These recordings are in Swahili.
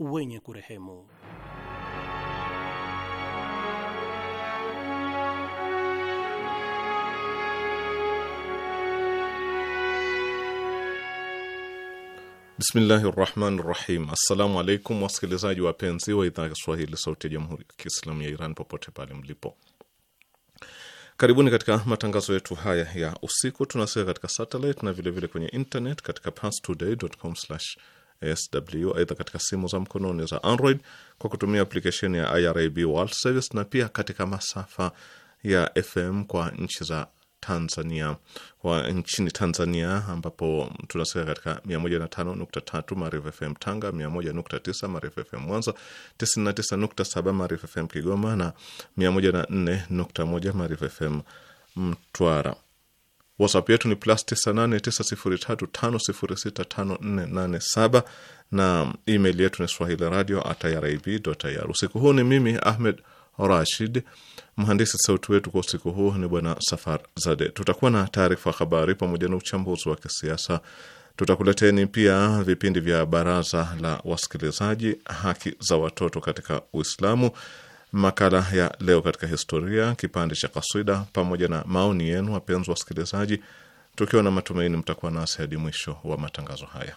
wenye kurehemu. Bismillahi rahmani rahim. Assalamu alaikum wasikilizaji wapenzi wa idhaa ya Kiswahili sauti ya jamhuri ya Kiislamu ya Iran popote pale mlipo, karibuni katika matangazo yetu haya ya usiku. tunasika katika satelit na vilevile vile kwenye internet katika pastoday.com SW aidha katika simu za mkononi za Android kwa kutumia aplikesheni ya IRIB World Service na pia katika masafa ya FM kwa nchi za Tanzania kwa nchini Tanzania ambapo tunasikia katika 105.3 Marif FM Tanga, 101.9 Marif FM Mwanza, 99.7 Marif FM Kigoma na 104.1 Marif FM Mtwara. WhatsApp yetu ni plus 989035065487 na email yetu ni swahili radio @irib.ir. Usiku huu ni mimi Ahmed Rashid, mhandisi sauti wetu kwa usiku huu ni bwana Safar Zade. Tutakuwa na taarifa habari pamoja na uchambuzi wa kisiasa. Tutakuleteni pia vipindi vya baraza la wasikilizaji, haki za watoto katika Uislamu makala ya leo katika historia, kipande cha kaswida, pamoja na maoni yenu, wapenzi wasikilizaji, tukiwa na matumaini mtakuwa nasi hadi mwisho wa matangazo haya.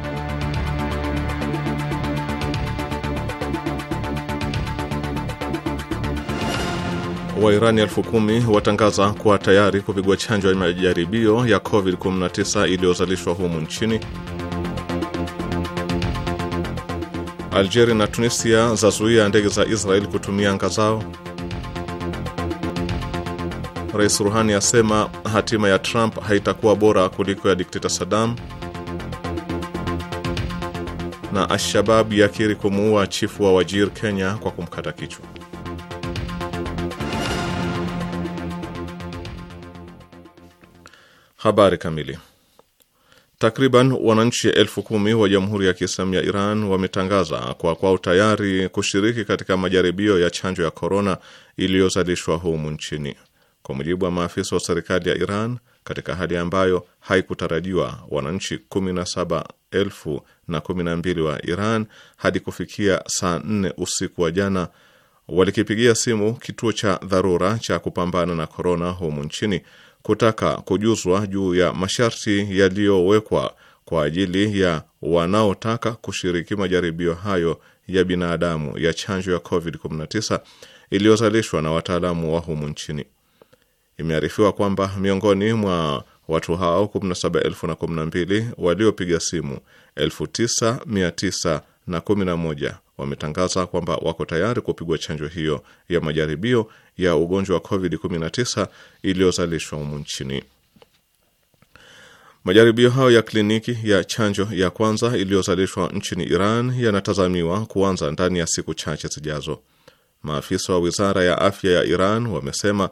wa Irani elfu kumi watangaza kuwa tayari kupigwa chanjo ya majaribio ya COVID-19 iliyozalishwa humu nchini. Algeria na Tunisia zazuia ndege za Israeli kutumia anga zao. Rais Ruhani asema hatima ya Trump haitakuwa bora kuliko ya dikteta Saddam, na Alshabab yakiri kumuua chifu wa Wajir Kenya kwa kumkata kichwa. Habari kamili. Takriban wananchi elfu kumi wa Jamhuri ya Kiislamu ya Iran wametangaza kwa kwao tayari kushiriki katika majaribio ya chanjo ya korona iliyozalishwa humu nchini, kwa mujibu wa maafisa wa serikali ya Iran. Katika hali ambayo haikutarajiwa, wananchi kumi na saba elfu na kumi na mbili wa Iran hadi kufikia saa nne usiku wa jana walikipigia simu kituo cha dharura cha kupambana na korona humu nchini kutaka kujuzwa juu ya masharti yaliyowekwa kwa ajili ya wanaotaka kushiriki majaribio hayo ya binadamu ya chanjo ya COVID-19 iliyozalishwa na wataalamu wa humu nchini. Imearifiwa kwamba miongoni mwa watu hao 17,012 waliopiga simu 9,911 wametangaza kwamba wako tayari kupigwa chanjo hiyo ya majaribio ya ugonjwa wa COVID-19 iliyozalishwa humu nchini. Majaribio hayo ya kliniki ya chanjo ya kwanza iliyozalishwa nchini Iran yanatazamiwa kuanza ndani ya siku chache zijazo. Maafisa wa wizara ya afya ya Iran wamesema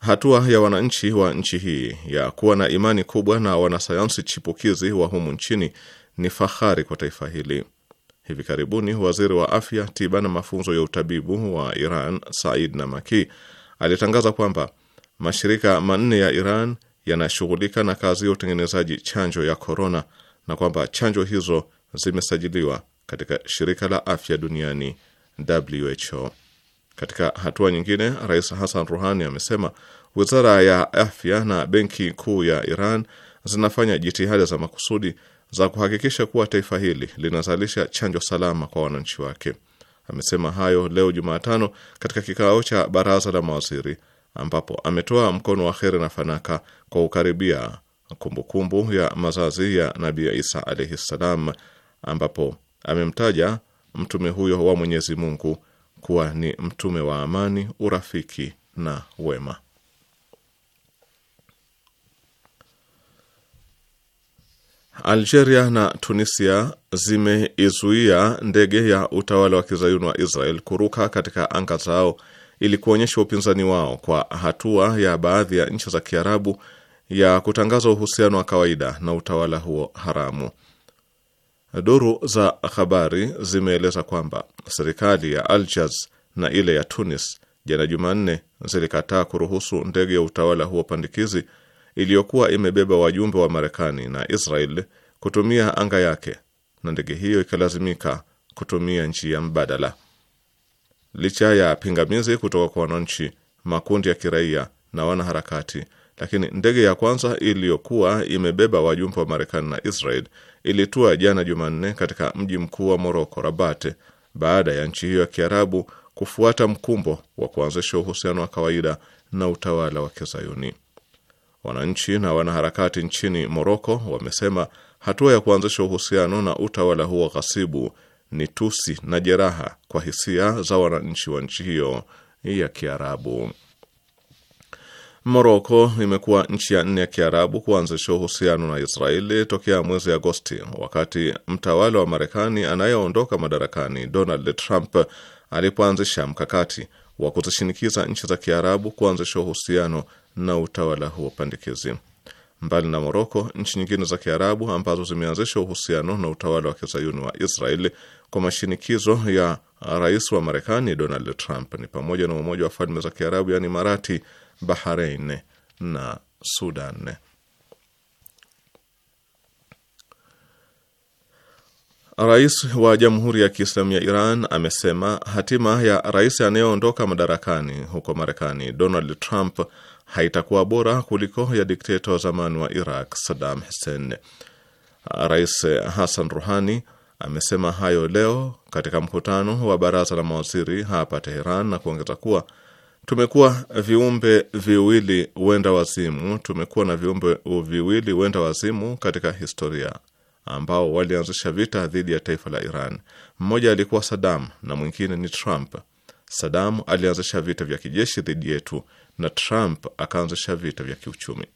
hatua ya wananchi wa nchi hii ya kuwa na imani kubwa na wanasayansi chipukizi wa humu nchini ni fahari kwa taifa hili. Hivi karibuni waziri wa afya, tiba na mafunzo ya utabibu wa Iran Said Namaki alitangaza kwamba mashirika manne ya Iran yanashughulika na kazi ya utengenezaji chanjo ya korona na kwamba chanjo hizo zimesajiliwa katika shirika la afya duniani WHO. Katika hatua nyingine, Rais Hassan Rouhani amesema wizara ya afya na benki kuu ya Iran zinafanya jitihada za makusudi za kuhakikisha kuwa taifa hili linazalisha chanjo salama kwa wananchi wake. Amesema hayo leo Jumatano katika kikao cha baraza la mawaziri ambapo ametoa mkono wa heri na fanaka kwa kukaribia kumbukumbu kumbu ya mazazi ya Nabii Isa alaihi ssalam, ambapo amemtaja mtume huyo wa Mwenyezi Mungu kuwa ni mtume wa amani, urafiki na wema. Algeria na Tunisia zimeizuia ndege ya utawala wa kizayuni wa Israel kuruka katika anga zao ili kuonyesha upinzani wao kwa hatua ya baadhi ya nchi za Kiarabu ya kutangaza uhusiano wa kawaida na utawala huo haramu. Duru za habari zimeeleza kwamba serikali ya Algiers na ile ya Tunis jana Jumanne zilikataa kuruhusu ndege ya utawala huo pandikizi iliyokuwa imebeba wajumbe wa Marekani na Israel kutumia anga yake na ndege hiyo ikalazimika kutumia njia mbadala. Licha ya pingamizi kutoka kwa wananchi, makundi ya kiraia na wanaharakati, lakini ndege ya kwanza iliyokuwa imebeba wajumbe wa Marekani na Israel ilitua jana Jumanne katika mji mkuu wa Moroko, Rabat, baada ya nchi hiyo ya Kiarabu kufuata mkumbo wa kuanzisha uhusiano wa kawaida na utawala wa Kizayuni. Wananchi na wanaharakati nchini Moroko wamesema hatua ya kuanzisha uhusiano na utawala huo ghasibu ni tusi na jeraha kwa hisia za wananchi wa nchi hiyo ya Kiarabu. Moroko imekuwa nchi ya nne ya Kiarabu kuanzisha uhusiano na Israeli tokea mwezi Agosti, wakati mtawala wa Marekani anayeondoka madarakani Donald Trump alipoanzisha mkakati wa kuzishinikiza nchi za Kiarabu kuanzisha uhusiano na utawala huo pandikizi. Mbali na Moroko, nchi nyingine za Kiarabu ambazo zimeanzisha uhusiano na utawala wa kizayuni wa israel kwa mashinikizo ya rais wa Marekani Donald Trump ni pamoja na Umoja wa Falme za Kiarabu, yaani Marati, Bahrein na Sudan. Rais wa Jamhuri ya Kiislamu ya Iran amesema hatima ya rais anayeondoka madarakani huko Marekani Donald Trump haitakuwa bora kuliko ya dikteta wa zamani wa Iraq Saddam Hussein. Rais Hassan Ruhani amesema hayo leo katika mkutano wa baraza la mawaziri hapa Teheran na kuongeza kuwa tumekuwa viumbe viwili wenda wazimu, tumekuwa na viumbe viwili wenda wazimu katika historia ambao walianzisha vita dhidi ya taifa la Iran. Mmoja alikuwa Saddam na mwingine ni Trump. Saddam alianzisha vita vya kijeshi dhidi yetu na Trump akaanzisha vita vya kiuchumi.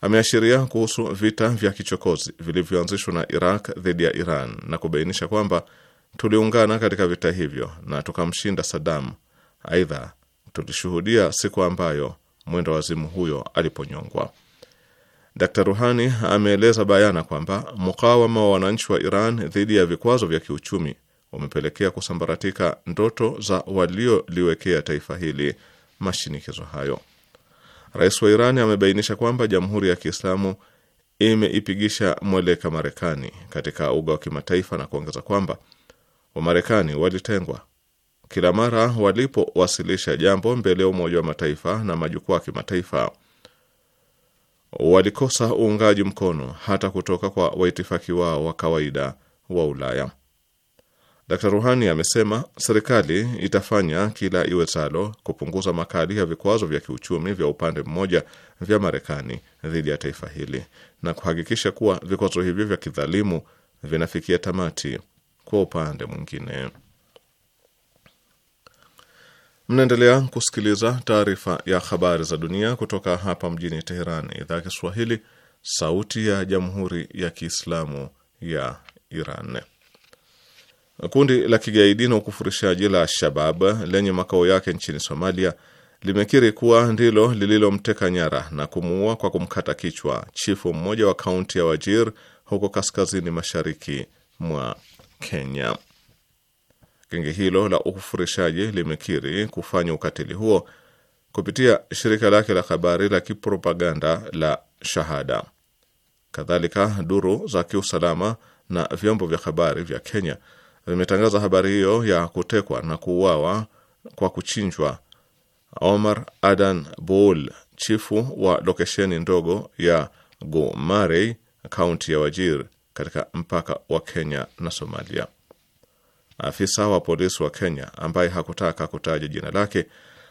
Ameashiria kuhusu vita vya kichokozi vilivyoanzishwa na Iraq dhidi ya Iran na kubainisha kwamba tuliungana katika vita hivyo na tukamshinda Saddam. Aidha, tulishuhudia siku ambayo mwendo wazimu huyo aliponyongwa. Dr Ruhani ameeleza bayana kwamba mukawama wa wananchi wa Iran dhidi ya vikwazo vya kiuchumi umepelekea kusambaratika ndoto za walioliwekea taifa hili mashinikizo hayo. Rais wa Irani amebainisha kwamba Jamhuri ya Kiislamu imeipigisha mweleka Marekani katika uga wa kimataifa na kuongeza kwamba Wamarekani walitengwa kila mara walipowasilisha jambo mbele ya Umoja wa Mataifa na majukwaa ya kimataifa walikosa uungaji mkono hata kutoka kwa waitifaki wao wa kawaida wa Ulaya. Dr. Ruhani amesema serikali itafanya kila iwezalo kupunguza makali ya vikwazo vya kiuchumi vya upande mmoja vya Marekani dhidi ya taifa hili na kuhakikisha kuwa vikwazo hivyo vya kidhalimu vinafikia tamati kwa upande mwingine. Mnaendelea kusikiliza taarifa ya habari za dunia kutoka hapa mjini Teheran, idhaa ya Kiswahili, sauti ya jamhuri ya kiislamu ya Iran. Kundi la kigaidi na ukufurishaji la Al-Shabab lenye makao yake nchini Somalia limekiri kuwa ndilo lililomteka nyara na kumuua kwa kumkata kichwa chifu mmoja wa kaunti ya Wajir huko kaskazini mashariki mwa Kenya. Genge hilo la ukufurishaji limekiri kufanya ukatili huo kupitia shirika lake la habari la kipropaganda la Shahada. Kadhalika, duru za kiusalama na vyombo vya habari vya Kenya vimetangaza habari hiyo ya kutekwa na kuuawa kwa kuchinjwa Omar Adan Bol, chifu wa lokesheni ndogo ya gumarey kaunti ya Wajir, katika mpaka wa Kenya na Somalia. Afisa wa polisi wa Kenya ambaye hakutaka kutaja jina lake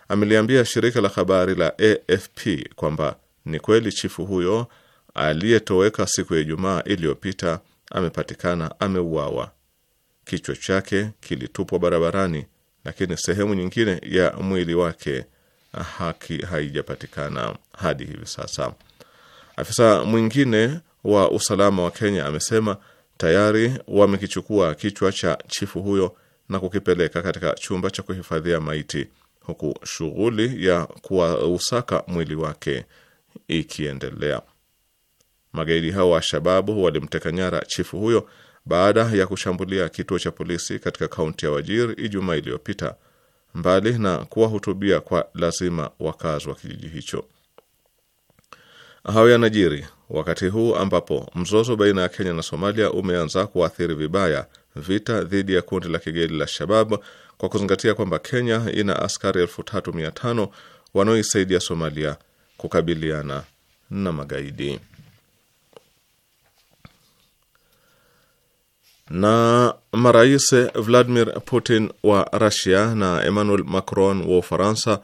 ameliambia shirika la habari la AFP kwamba ni kweli chifu huyo aliyetoweka siku ya Ijumaa iliyopita amepatikana ameuawa kichwa chake kilitupwa barabarani, lakini sehemu nyingine ya mwili wake haki haijapatikana hadi hivi sasa. Afisa mwingine wa usalama wa Kenya amesema tayari wamekichukua kichwa cha chifu huyo na kukipeleka katika chumba cha kuhifadhia maiti huku shughuli ya kuwausaka mwili wake ikiendelea. Magaidi hao wa Shababu walimteka nyara chifu huyo baada ya kushambulia kituo cha polisi katika kaunti ya Wajir Ijumaa iliyopita, mbali na kuwahutubia kwa lazima wakazi wa kijiji hicho. Hayo yanajiri wakati huu ambapo mzozo baina ya Kenya na Somalia umeanza kuathiri vibaya vita dhidi ya kundi la kigeli la Shabab, kwa kuzingatia kwamba Kenya ina askari elfu tatu mia tano wanaoisaidia Somalia kukabiliana na magaidi. na marais Vladimir Putin wa rasia na Emmanuel Macron wa Ufaransa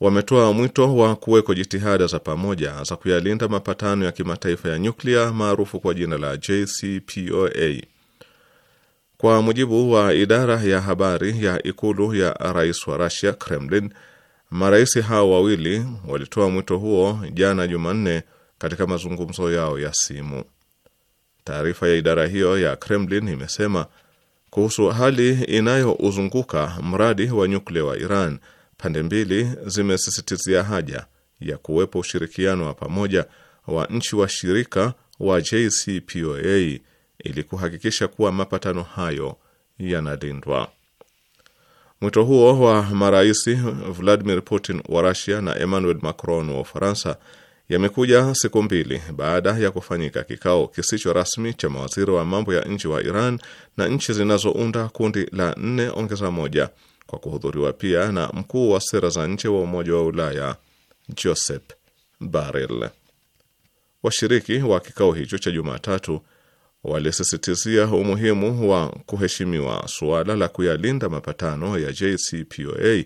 wametoa mwito wa kuweko jitihada za pamoja za kuyalinda mapatano ya kimataifa ya nyuklia maarufu kwa jina la JCPOA. Kwa mujibu wa idara ya habari ya ikulu ya rais wa rusia Kremlin, marais hao wawili walitoa mwito huo jana Jumanne katika mazungumzo yao ya simu. Taarifa ya idara hiyo ya Kremlin imesema kuhusu hali inayouzunguka mradi wa nyuklia wa Iran, pande mbili zimesisitizia haja ya kuwepo ushirikiano wa pamoja wa nchi washirika wa JCPOA ili kuhakikisha kuwa mapatano hayo yanalindwa. Mwito huo wa marais Vladimir Putin wa Russia na Emmanuel Macron wa Ufaransa yamekuja siku mbili baada ya kufanyika kikao kisicho rasmi cha mawaziri wa mambo ya nje wa Iran na nchi zinazounda kundi la nne ongeza moja kwa kuhudhuriwa pia na mkuu wa sera za nje wa Umoja wa Ulaya Josep Borrell. Washiriki wa kikao hicho cha Jumatatu walisisitizia umuhimu wa kuheshimiwa suala la kuyalinda mapatano ya JCPOA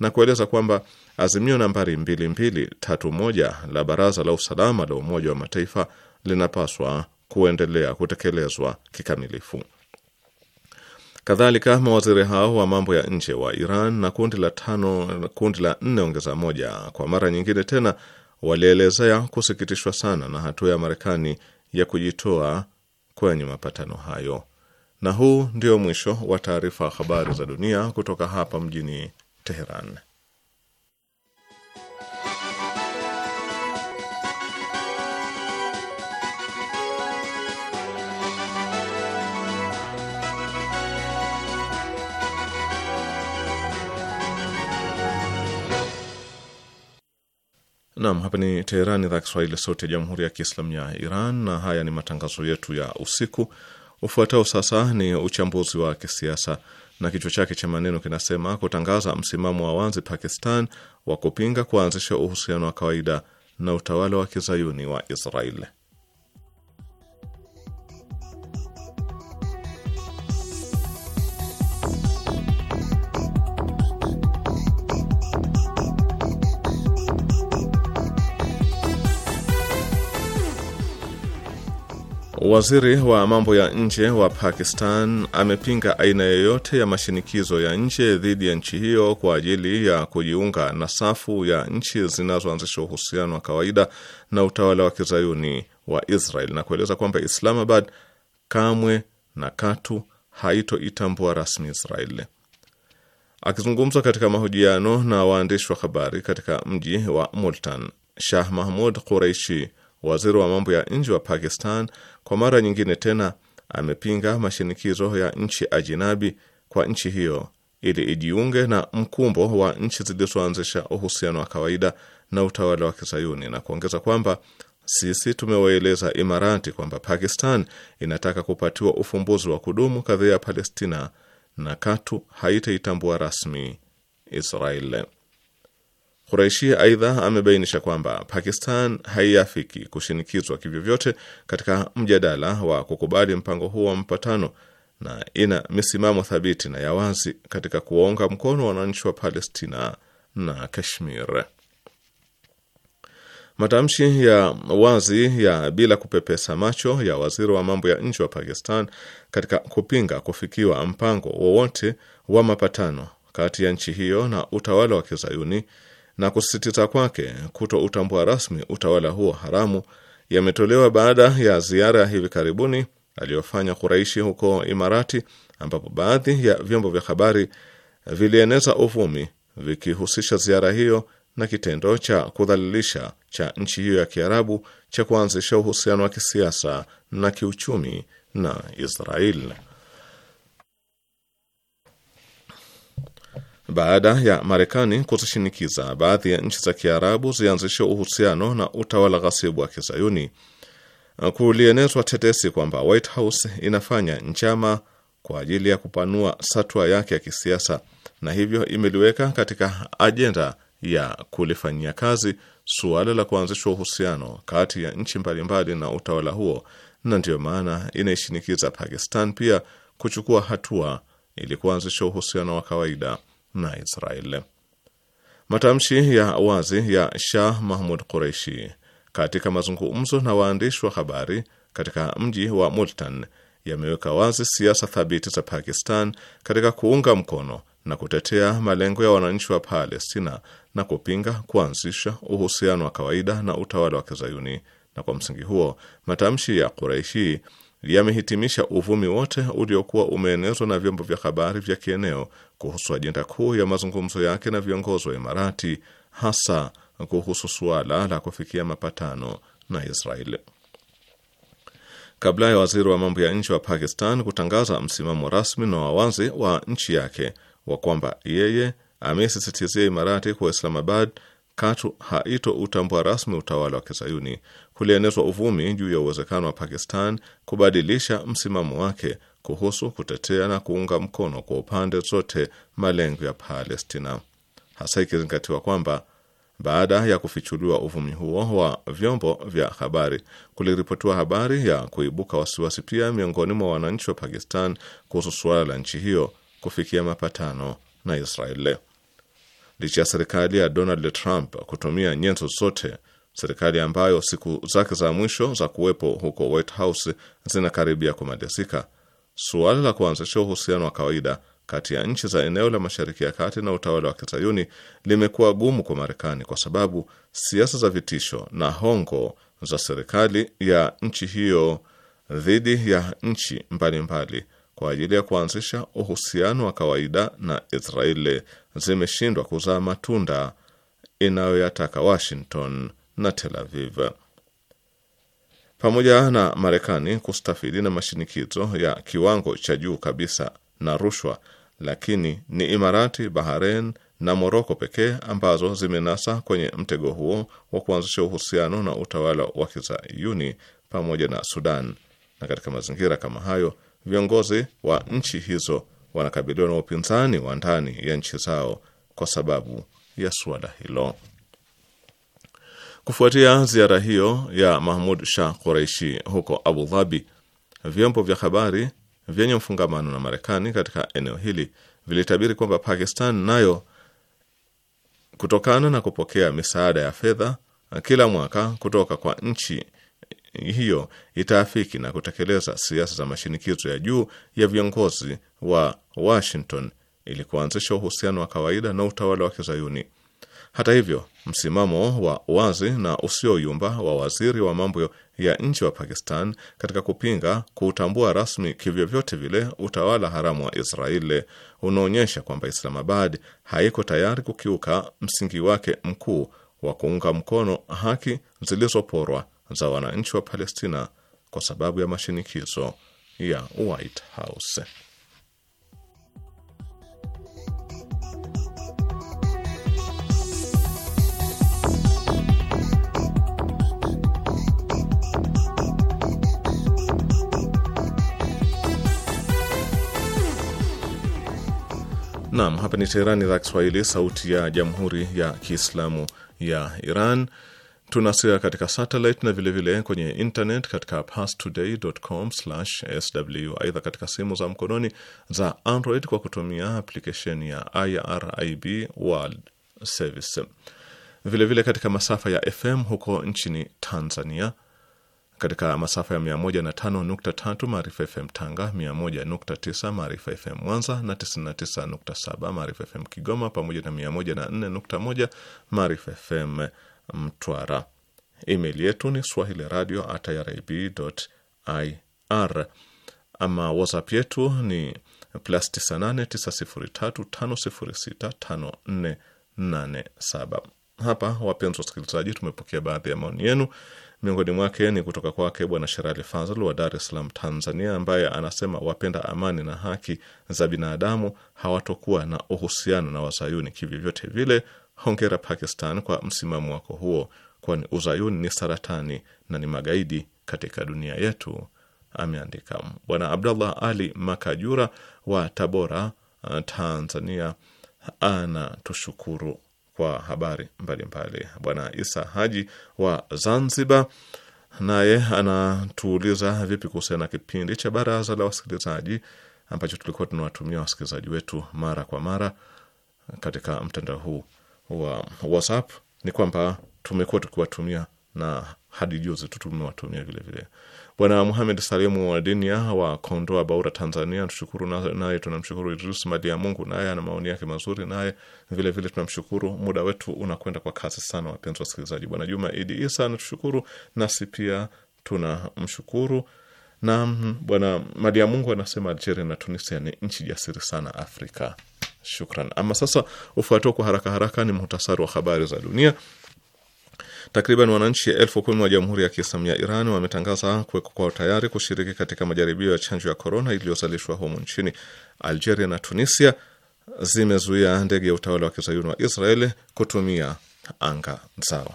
na kueleza kwamba Azimio nambari 2231 la Baraza la Usalama la Umoja wa Mataifa linapaswa kuendelea kutekelezwa kikamilifu. Kadhalika, mawaziri hao wa mambo ya nje wa Iran na kundi la tano, kundi la nne ongeza moja kwa mara nyingine tena walielezea kusikitishwa sana na hatua ya Marekani ya kujitoa kwenye mapatano hayo. Na huu ndio mwisho wa taarifa habari za dunia kutoka hapa mjini Teheran. Naam, hapa ni Teherani, idhaa Kiswahili, sauti ya jamhuri ya kiislamu ya Iran, na haya ni matangazo yetu ya usiku. Ufuatao sasa ni uchambuzi wa kisiasa na kichwa chake cha maneno kinasema kutangaza msimamo wa wazi Pakistan wa kupinga kuanzisha uhusiano wa kawaida na utawala wa kizayuni wa Israeli. Waziri wa mambo ya nje wa Pakistan amepinga aina yoyote ya mashinikizo ya nje dhidi ya nchi hiyo kwa ajili ya kujiunga na safu ya nchi zinazoanzisha uhusiano wa kawaida na utawala wa kizayuni wa Israel na kueleza kwamba Islamabad kamwe na katu haitoitambua rasmi Israeli. Akizungumza katika mahojiano na waandishi wa habari katika mji wa Multan, Shah Mahmud Qureishi Waziri wa mambo ya nje wa Pakistan kwa mara nyingine tena amepinga mashinikizo ya nchi ajinabi kwa nchi hiyo ili ijiunge na mkumbo wa nchi zilizoanzisha uhusiano wa kawaida na utawala wa Kizayuni na kuongeza kwamba sisi tumewaeleza Imarati kwamba Pakistan inataka kupatiwa ufumbuzi wa kudumu kadhia ya Palestina na katu haitaitambua rasmi Israeli. Kuraishi aidha amebainisha kwamba Pakistan haiafiki kushinikizwa kivyovyote katika mjadala wa kukubali mpango huo wa mpatano na ina misimamo thabiti na ya wazi katika kuwaunga mkono wananchi wa Palestina na Kashmir. Matamshi ya wazi ya bila kupepesa macho ya waziri wa mambo ya nje wa Pakistan katika kupinga kufikiwa mpango wowote wa mapatano kati ya nchi hiyo na utawala wa kizayuni na kusisitiza kwake kuto utambua rasmi utawala huo haramu yametolewa baada ya ziara ya hivi karibuni aliyofanya Kuraishi huko Imarati, ambapo baadhi ya vyombo vya habari vilieneza uvumi vikihusisha ziara hiyo na kitendo cha kudhalilisha cha nchi hiyo ya Kiarabu cha kuanzisha uhusiano wa kisiasa na kiuchumi na Israel. baada ya Marekani kuzishinikiza baadhi ya nchi za Kiarabu zianzishe uhusiano na utawala ghasibu wa Kizayuni. Kulienezwa tetesi kwamba White House inafanya njama kwa ajili ya kupanua satwa yake ya kisiasa na hivyo imeliweka katika ajenda ya kulifanyia kazi suala la kuanzishwa uhusiano kati ya nchi mbalimbali na utawala huo, na ndiyo maana inaishinikiza Pakistan pia kuchukua hatua ili kuanzisha uhusiano wa kawaida na Israel. Matamshi ya wazi ya Shah Mahmud Qureshi katika mazungumzo na waandishi wa habari katika mji wa Multan yameweka wazi siasa thabiti za Pakistan katika kuunga mkono na kutetea malengo ya wananchi wa Palestina na kupinga kuanzisha uhusiano wa kawaida na utawala wa Kizayuni. Na kwa msingi huo matamshi ya Quraishi yamehitimisha uvumi wote uliokuwa umeenezwa na vyombo vya habari vya kieneo kuhusu ajenda kuu ya mazungumzo yake na viongozi wa Imarati, hasa kuhusu suala la kufikia mapatano na Israeli. Kabla ya waziri wa mambo ya nje wa Pakistan kutangaza msimamo rasmi na wawazi wa nchi yake wa kwamba yeye amesisitizia Imarati kuwa Islamabad katu haito utambua rasmi utawala wa Kizayuni, kulienezwa uvumi juu ya uwezekano wa Pakistan kubadilisha msimamo wake kuhusu kutetea na kuunga mkono kwa upande zote malengo ya Palestina, hasa ikizingatiwa kwamba baada ya kufichuliwa uvumi huo wa vyombo vya habari, kuliripotiwa habari ya kuibuka wasiwasi pia miongoni mwa wananchi wa Pakistan kuhusu suala la nchi hiyo kufikia mapatano na Israeli. Licha ya serikali ya Donald Trump kutumia nyenzo zote serikali ambayo siku zake za mwisho za kuwepo huko White House zinakaribia kumalizika, suala la kuanzisha uhusiano wa kawaida kati ya nchi za eneo la Mashariki ya Kati na utawala wa kizayuni limekuwa gumu kwa Marekani kwa sababu siasa za vitisho na hongo za serikali ya nchi hiyo dhidi ya nchi mbalimbali mbali kwa ajili ya kuanzisha uhusiano wa kawaida na Israeli zimeshindwa kuzaa matunda inayoyataka Washington na Tel Aviv. Pamoja na Marekani kustafidi na mashinikizo ya kiwango cha juu kabisa na rushwa, lakini ni Imarati, Bahrain na Moroko pekee ambazo zimenasa kwenye mtego huo wa kuanzisha uhusiano na utawala wa kizayuni pamoja na Sudan. Na katika mazingira kama hayo, viongozi wa nchi hizo wanakabiliwa na upinzani wa ndani ya nchi zao kwa sababu ya suala hilo. Kufuatia ziara hiyo ya Mahmud Shah quraishi huko Abu Dhabi, vyombo vya habari vyenye mfungamano na Marekani katika eneo hili vilitabiri kwamba Pakistan nayo kutokana na kupokea misaada ya fedha kila mwaka kutoka kwa nchi hiyo itaafiki na kutekeleza siasa za mashinikizo ya juu ya viongozi wa Washington ili kuanzisha uhusiano wa kawaida na utawala wa Kizayuni. Hata hivyo, msimamo wa wazi na usioyumba wa waziri wa mambo ya nje wa Pakistan katika kupinga kuutambua rasmi kivyovyote vile utawala haramu wa Israeli unaonyesha kwamba Islamabad haiko tayari kukiuka msingi wake mkuu wa kuunga mkono haki zilizoporwa za wananchi wa Palestina kwa sababu ya mashinikizo ya White House. Naam, hapa ni Teherani, idhaa Kiswahili, sauti ya jamhuri ya kiislamu ya Iran. Tunasikia katika satellite na vilevile vile kwenye internet katika pastoday.com/sw. Aidha, katika simu za mkononi za Android kwa kutumia application ya IRIB World Service, vilevile vile katika masafa ya FM huko nchini Tanzania katika masafa ya 105.3 Maarifa FM Tanga, 101.9 Maarifa FM Mwanza na 99.7 Maarifa FM Kigoma, pamoja na 104.1 Maarifa FM Mtwara. Email yetu ni swahili radio at irib.ir. Ama whatsapp yetu ni plus 989035065487. Hapa wapenzi wasikilizaji, tumepokea baadhi ya maoni yenu Miongoni mwake ni kutoka kwake Bwana Sherali Fazl wa Dar es Salaam, Tanzania, ambaye anasema wapenda amani na haki za binadamu hawatokuwa na uhusiano na wazayuni kivyovyote vile. Hongera Pakistan kwa msimamo wako huo, kwani uzayuni ni saratani na ni magaidi katika dunia yetu, ameandika Bwana Abdallah Ali Makajura wa Tabora, Tanzania, anatushukuru kwa habari mbalimbali. Bwana Isa Haji wa Zanzibar naye anatuuliza vipi kuhusiana na kipindi cha baraza la wasikilizaji ambacho tulikuwa tunawatumia wasikilizaji wetu mara kwa mara katika mtandao huu wa WhatsApp. Ni kwamba tumekuwa tukiwatumia na hadi juzi tu tumewatumia vilevile Bwana Muhamed Salimu Wadinia wa Kondoa Baura, Tanzania, tushukuru naye. Tunamshukuru Idris Mali ya Mungu, naye ana maoni yake mazuri, naye vilevile tunamshukuru. Muda wetu unakwenda kwa kasi sana, wapenzi wasikilizaji. Bwana Juma Idi Isa anatushukuru, nasi pia tunamshukuru na Bwana Mali ya Mungu anasema Algeria na Tunisia ni nchi jasiri sana Afrika. Shukran. Ama sasa ufuatao kwa haraka haraka ni muhtasari wa habari za dunia. Takriban wananchi elfu kumi wa Jamhuri ya Kiislamu ya Iran wametangaza kuweko kwao tayari kushiriki katika majaribio ya chanjo ya korona iliyozalishwa humu nchini. Algeria na Tunisia zimezuia ndege ya utawala wa kizayuni wa Israeli kutumia anga zao.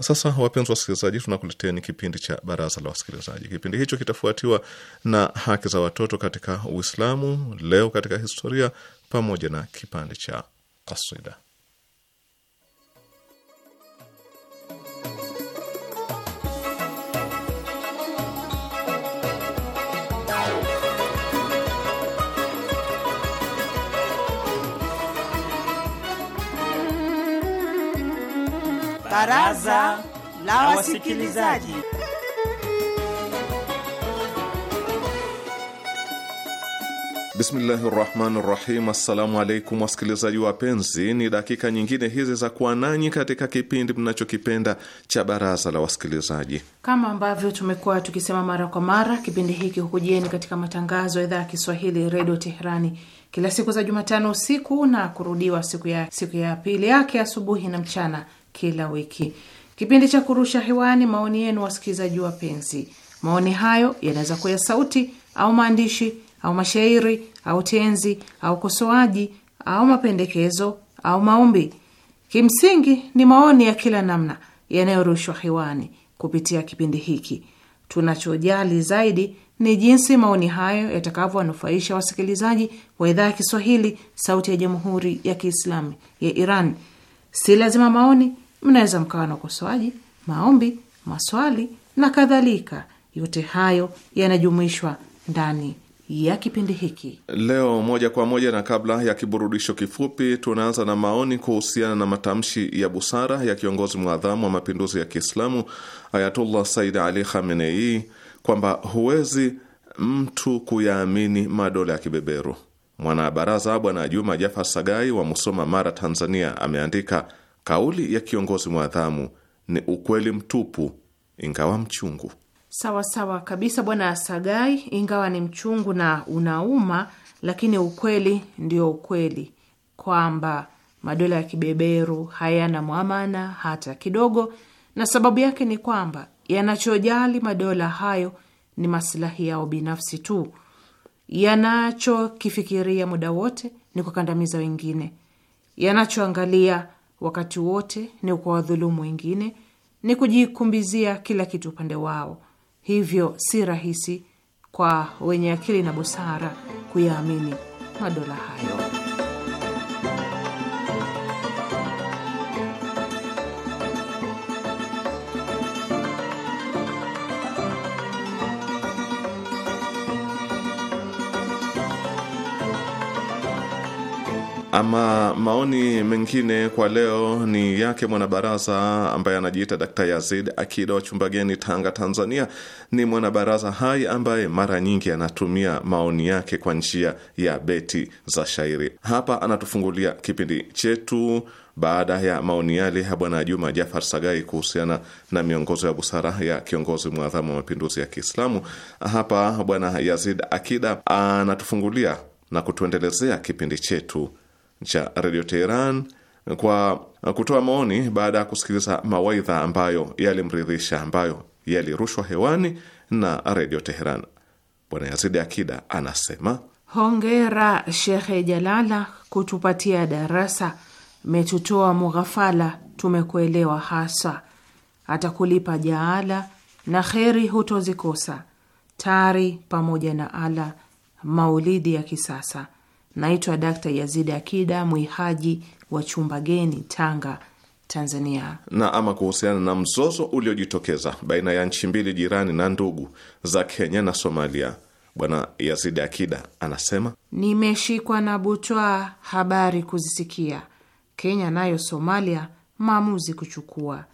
Sasa wapenzi wasikilizaji, tunakuleteeni kipindi cha baraza la wasikilizaji. Kipindi hicho kitafuatiwa na haki za watoto katika Uislamu, leo katika historia, pamoja na kipande cha kasida. Baraza la Wasikilizaji. Bismillahi rahmani rahim. Assalamu alaikum wasikilizaji wapenzi, ni dakika nyingine hizi za kuwa nanyi katika kipindi mnachokipenda cha baraza la wasikilizaji. Kama ambavyo tumekuwa tukisema mara kwa mara, kipindi hiki hukujieni katika matangazo ya idhaa ya Kiswahili redio Teherani kila siku za Jumatano usiku na kurudiwa siku ya siku ya pili yake asubuhi na mchana kila wiki. Kipindi cha kurusha hewani maoni yenu, wasikilizaji wapenzi. Maoni hayo yanaweza kuwa ya sauti au maandishi au mashairi au tenzi au kosoaji au mapendekezo au maombi. Kimsingi ni maoni ya kila namna yanayorushwa hewani kupitia kipindi hiki. Tunachojali zaidi ni jinsi maoni hayo yatakavyowanufaisha wasikilizaji wa idhaa ya Kiswahili, Sauti ya Jamhuri ya Kiislamu ya Iran. Si lazima maoni Mnaweza mkawa na ukosoaji, maombi, maswali na kadhalika. Yote hayo yanajumuishwa ndani ya kipindi hiki leo moja kwa moja. Na kabla ya kiburudisho kifupi, tunaanza na maoni kuhusiana na matamshi ya busara ya kiongozi mwadhamu wa mapinduzi ya Kiislamu Ayatullah Said Ali Khamenei kwamba huwezi mtu kuyaamini madola ya kibeberu. Mwanabaraza Bwana Juma Jafar Sagai wa Musoma, Mara, Tanzania ameandika Kauli ya kiongozi mwadhamu ni ukweli mtupu, ingawa mchungu. Sawa sawa kabisa, Bwana Sagai. Ingawa ni mchungu na unauma, lakini ukweli ndio ukweli, kwamba madola ya kibeberu hayana mwamana hata kidogo, na sababu yake ni kwamba yanachojali madola hayo ni masilahi yao binafsi tu. Yanachokifikiria muda wote ni kukandamiza wengine. Yanachoangalia wakati wote ni kwa wadhulumu wengine, ni kujikumbizia kila kitu upande wao. Hivyo si rahisi kwa wenye akili na busara kuyaamini madola hayo. Ama maoni mengine kwa leo ni yake mwanabaraza ambaye anajiita Dkt. Yazid Akida wa Chumbageni, Tanga, Tanzania. Ni mwanabaraza hai ambaye mara nyingi anatumia maoni yake kwa njia ya beti za shairi. Hapa anatufungulia kipindi chetu baada ya maoni yale ya Bwana Juma Jafar Sagai kuhusiana na miongozo ya busara ya kiongozi mwadhamu wa mapinduzi ya Kiislamu. Hapa Bwana Yazid Akida anatufungulia na kutuendelezea kipindi chetu cha Redio Teheran kwa kutoa maoni baada ya kusikiliza mawaidha ambayo yalimridhisha, ambayo yalirushwa hewani na Redio Teheran. Bwana Yazidi Akida anasema hongera Shekhe Jalala kutupatia darasa, metutoa mughafala, tumekuelewa hasa, atakulipa jaala na kheri hutozikosa, tari pamoja na ala, maulidi ya kisasa Naitwa Dakta Yazidi Akida Mwihaji wa Chumbageni, Tanga, Tanzania. Na ama kuhusiana na mzozo uliojitokeza baina ya nchi mbili jirani na ndugu za Kenya na Somalia, Bwana Yazidi Akida anasema nimeshikwa na butwaa habari kuzisikia, Kenya nayo Somalia maamuzi kuchukua.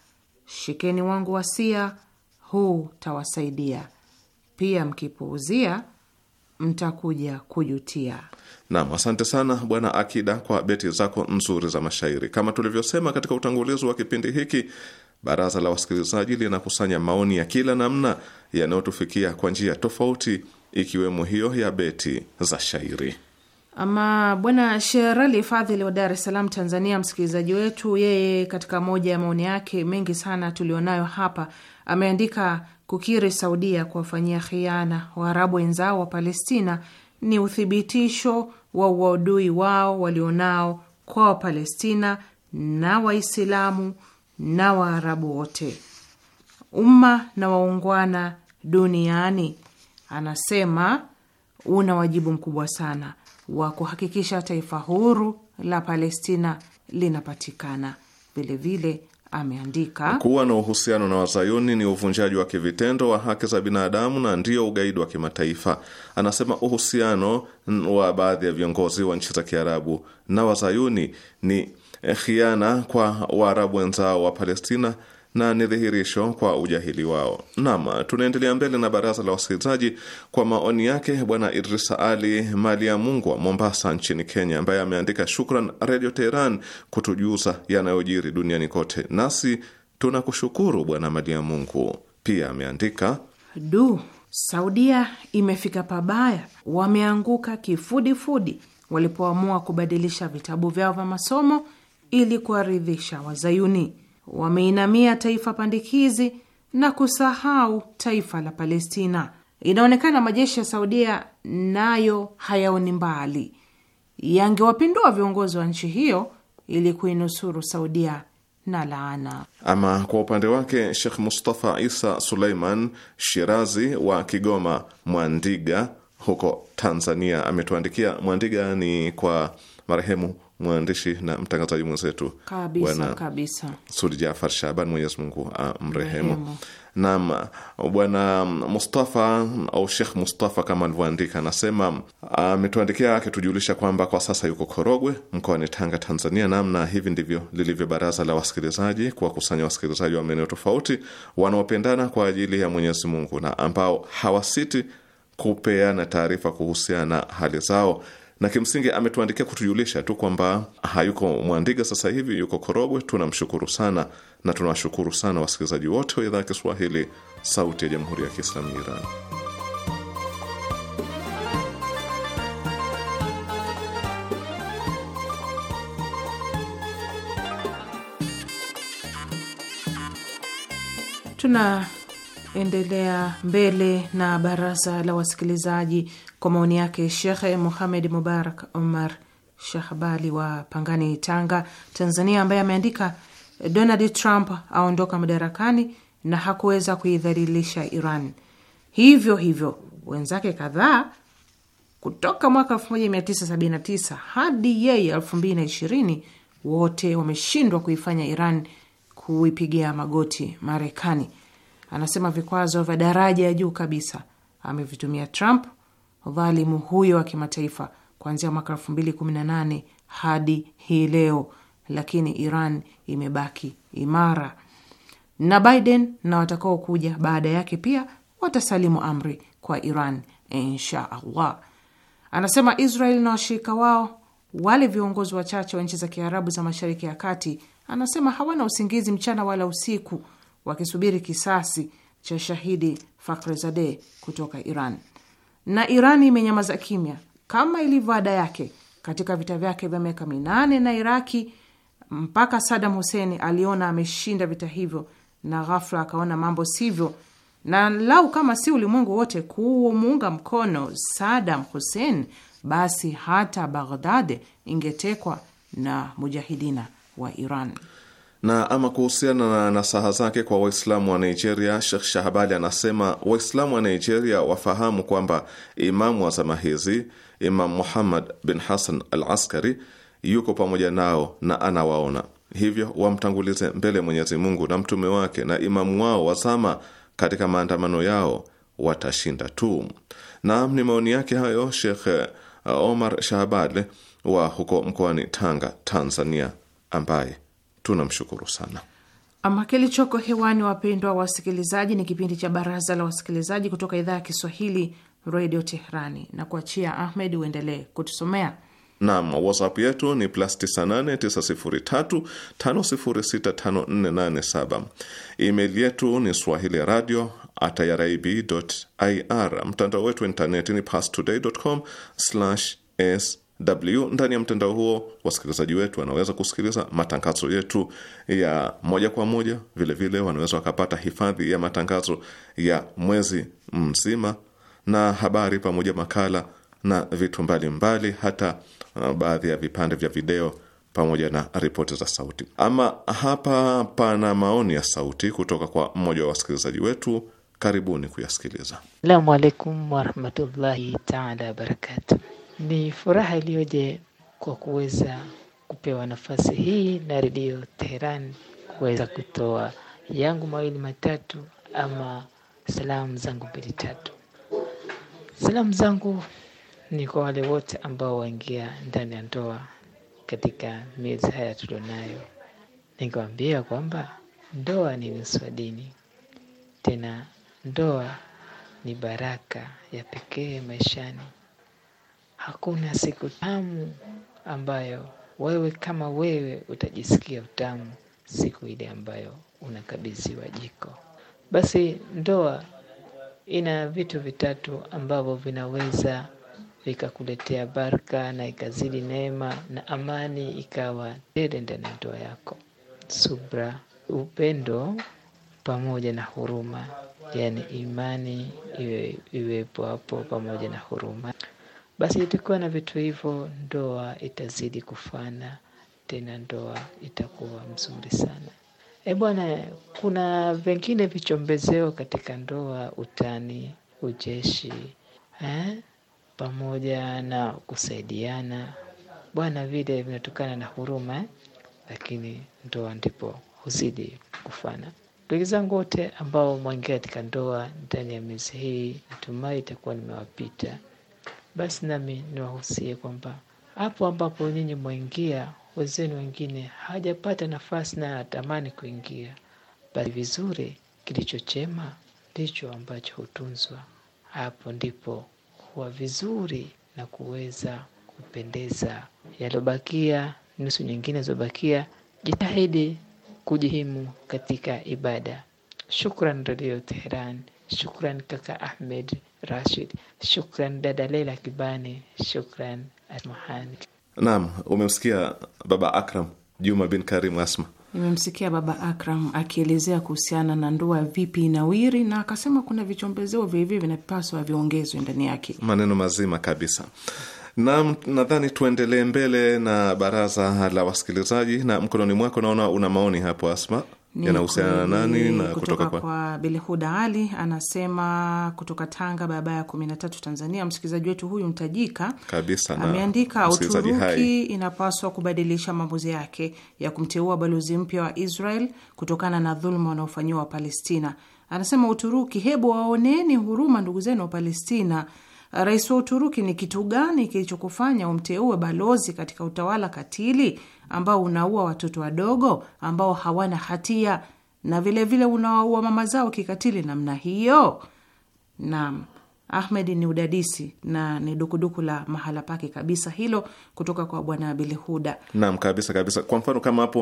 Shikeni wangu wasia, huu tawasaidia. Pia mkipuuzia mtakuja kujutia. Nam, asante sana Bwana Akida kwa beti zako nzuri za mashairi. Kama tulivyosema katika utangulizi wa kipindi hiki, baraza la wasikilizaji linakusanya maoni ya kila namna yanayotufikia kwa njia tofauti, ikiwemo hiyo ya beti za shairi. Ama bwana Sherali Fadhili wa Dar es Salaam, Tanzania, msikilizaji wetu, yeye katika moja ya maoni yake mengi sana tulionayo hapa ameandika kukiri Saudia kuwafanyia khiana Waarabu wenzao wa Palestina ni uthibitisho wa uadui wao walionao kwa Wapalestina na Waislamu na Waarabu wote, umma na waungwana duniani. Anasema una wajibu mkubwa sana wa kuhakikisha taifa huru la Palestina linapatikana. Vilevile ameandika kuwa na uhusiano na wazayuni ni uvunjaji wa kivitendo wa haki za binadamu na ndiyo ugaidi wa kimataifa. Anasema uhusiano wa baadhi ya viongozi wa nchi za Kiarabu na wazayuni ni eh, khiana kwa Waarabu wenzao wa Palestina na ni dhihirisho kwa ujahili wao. Naam, tunaendelea mbele na baraza la wasikilizaji kwa maoni yake Bwana Idrisa Ali mali ya Mungu wa Mombasa nchini Kenya, ambaye ameandika shukran Redio Teheran kutujuza yanayojiri duniani kote, nasi tunakushukuru Bwana mali ya Mungu. Pia ameandika du, Saudia imefika pabaya, wameanguka kifudifudi walipoamua kubadilisha vitabu vyao vya masomo ili kuwaridhisha Wazayuni wameinamia taifa pandikizi na kusahau taifa la Palestina. Inaonekana majeshi ya Saudia nayo hayaoni mbali, yangewapindua viongozi wa nchi hiyo ili kuinusuru Saudia na laana. Ama kwa upande wake Shekh Mustafa Isa Suleiman Shirazi wa Kigoma Mwandiga huko Tanzania ametuandikia. Mwandiga ni kwa marehemu mwandishi na mtangazaji mwenzetu bwana Sudi Jafar Shaban, Mwenyezi Mungu amrehemu. Ah, Naam, bwana Mustafa au Sheikh Mustafa kama alivyoandika, anasema ah, ametuandikia akitujulisha kwamba kwa sasa yuko Korogwe mkoani Tanga, Tanzania. Namna hivi ndivyo lilivyo baraza la wasikilizaji, kuwakusanya wasikilizaji wa maeneo tofauti wanaopendana kwa ajili ya Mwenyezi Mungu na ambao hawasiti kupeana taarifa kuhusiana na hali zao na kimsingi ametuandikia kutujulisha tu kwamba hayuko Mwandiga sasa hivi, yuko Korogwe. Tunamshukuru sana na tunawashukuru sana wasikilizaji wote wa idhaa ya Kiswahili, Sauti ya Jamhuri ya Kiislamu ya Iran. Tunaendelea mbele na baraza la wasikilizaji kwa maoni yake Shekhe Muhamed Mubarak Omar Shahbali wa Pangani, Tanga, Tanzania, ambaye ameandika Donald Trump aondoka madarakani na hakuweza kuidhalilisha Iran. Hivyo hivyo wenzake kadhaa kutoka mwaka 1979 hadi yeye 2020 wote wameshindwa kuifanya Iran kuipigia magoti Marekani. Anasema vikwazo vya daraja ya juu kabisa amevitumia Trump dhalimu huyo wa kimataifa kuanzia mwaka elfu mbili kumi na nane hadi hii leo, lakini Iran imebaki imara na Biden na watakao kuja baada yake pia watasalimu amri kwa Iran insha Allah. Anasema Israel na washirika wao wale viongozi wachache wa nchi za Kiarabu za Mashariki ya Kati, anasema hawana usingizi mchana wala usiku, wakisubiri kisasi cha shahidi Fakhrizadeh kutoka Iran na Irani imenyamaza kimya kama ilivyo ada yake katika vita vyake vya miaka minane na Iraki mpaka Sadam Hussein aliona ameshinda vita hivyo, na ghafla akaona mambo sivyo, na lau kama si ulimwengu wote kuumuunga mkono Sadam Hussein, basi hata Baghdad ingetekwa na mujahidina wa Iran. Na ama kuhusiana na nasaha zake kwa Waislamu wa Nigeria, shekh Shahbali anasema Waislamu wa Nigeria wafahamu kwamba imamu wa zama hizi, Imam Muhammad bin Hassan al Askari, yuko pamoja nao na anawaona, hivyo wamtangulize mbele Mwenyezi Mungu na mtume wake na imamu wao wa zama katika maandamano yao, watashinda tu. Naam, ni maoni yake hayo shekh Omar Shahbali wa huko mkoani Tanga, Tanzania, ambaye tunamshukuru sana. Ama kilichoko hewani, wapendwa wasikilizaji, ni kipindi cha Baraza la Wasikilizaji kutoka idhaa ya Kiswahili Redio Teherani, na kuachia Ahmed uendelee kutusomea. Nam, whatsapp yetu ni plus 989035065487. Email yetu ni swahili radio at irib.ir. Mtandao wetu wa intaneti ni pastoday.com/sw w ndani ya mtandao huo wasikilizaji wetu wanaweza kusikiliza matangazo yetu ya moja kwa moja. Vilevile wanaweza wakapata hifadhi ya matangazo ya mwezi mzima na habari pamoja makala na vitu mbalimbali mbali, hata uh, baadhi ya vipande vya video pamoja na ripoti za sauti. Ama hapa pana maoni ya sauti kutoka kwa mmoja wa wasikilizaji wetu. Karibuni kuyasikiliza. alaikum warahmatullahi taala wabarakatuh. Ni furaha iliyoje kwa kuweza kupewa nafasi hii na Redio Teheran kuweza kutoa yangu mawili matatu ama salamu zangu mbili tatu. Salamu zangu ni kwa wale wote ambao waingia ndani ya ndoa katika miezi haya tulionayo, ningewaambia kwamba ndoa ni nusu ya dini. Tena ndoa ni baraka ya pekee maishani. Hakuna siku tamu ambayo wewe kama wewe utajisikia utamu siku ile ambayo unakabidhiwa jiko. Basi ndoa ina vitu vitatu ambavyo vinaweza vikakuletea baraka na ikazidi neema na amani ikawa tele ndani ya ndoa yako: subra, upendo pamoja na huruma. Yaani imani iwe iwepo hapo pamoja na huruma. Basi itakuwa na vitu hivyo, ndoa itazidi kufana, tena ndoa itakuwa mzuri sana. E bwana, kuna vingine vichombezeo katika ndoa, utani, ujeshi eh, pamoja na kusaidiana bwana, vile vinatokana na huruma eh, lakini ndoa ndipo huzidi kufana. Ndugu zangu wote ambao mwaingia katika ndoa ndani ya miezi hii, natumai itakuwa nimewapita basi nami niwahusie kwamba hapo ambapo nyinyi mwaingia, wenzenu wengine hawajapata nafasi na anatamani kuingia, basi vizuri, kilicho chema ndicho ambacho hutunzwa. Hapo ndipo huwa vizuri na kuweza kupendeza. Yalobakia, nusu nyingine zobakia, jitahidi kujihimu katika ibada. Shukran, Radio teheran Shukran kaka Ahmed Rashid, shukran dada Leila Kibani, shukran Asmahani. Naam, umemsikia baba Akram Juma bin Karim Asma. Nimemsikia baba Akram akielezea kuhusiana na ndoa vipi inawiri, na akasema kuna vichombezeo vilivyo vinapaswa viongezwe ndani yake, maneno mazima kabisa. Naam, nadhani tuendelee mbele na baraza la wasikilizaji, na mkononi mwako naona una maoni hapo Asma yanahusiana nani na kutoka, kutoka kwa, kwa Bilhuda Ali anasema kutoka Tanga barabara ya kumi na tatu Tanzania. Msikilizaji wetu huyu mtajika kabisa ameandika, Uturuki inapaswa kubadilisha maamuzi yake ya kumteua balozi mpya wa Israel kutokana na dhuluma wanaofanyiwa Wapalestina. Anasema Uturuki, hebu waoneni huruma ndugu zenu wa Palestina rais wa Uturuki ni kitu gani kilichokufanya umteue balozi katika utawala katili ambao unaua watoto wadogo ambao hawana hatia na vilevile unawaua mama zao kikatili namna hiyo? Naam. Ahmed ni udadisi na ni dukuduku la mahala pake kabisa hilo, kutoka kwa bwana Bilhuda. Naam, kabisa kabisa. Kwa mfano kama hapo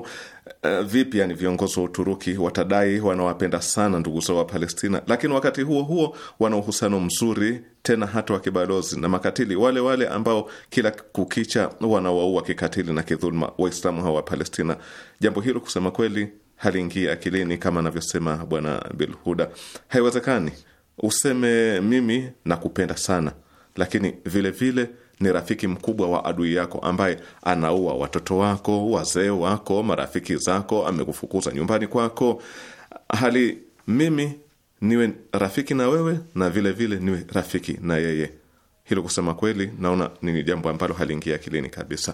uh, vipi yani viongozi wa Uturuki watadai wanawapenda sana ndugu zao wa Palestina, lakini wakati huo huo wana uhusiano mzuri tena hata wa kibalozi na makatili wale wale ambao kila kukicha wanawaua kikatili na kidhuluma Waislamu hawa wa Palestina. Jambo hilo kusema kweli haliingii akilini, kama anavyosema bwana Bilhuda, haiwezekani useme mimi nakupenda sana, lakini vile vile ni rafiki mkubwa wa adui yako ambaye anaua watoto wako, wazee wako, marafiki zako, amekufukuza nyumbani kwako. Hali mimi niwe rafiki na wewe na vile vile niwe rafiki na yeye. Hilo kusema kweli, naona ni jambo ambalo haliingia akilini kabisa.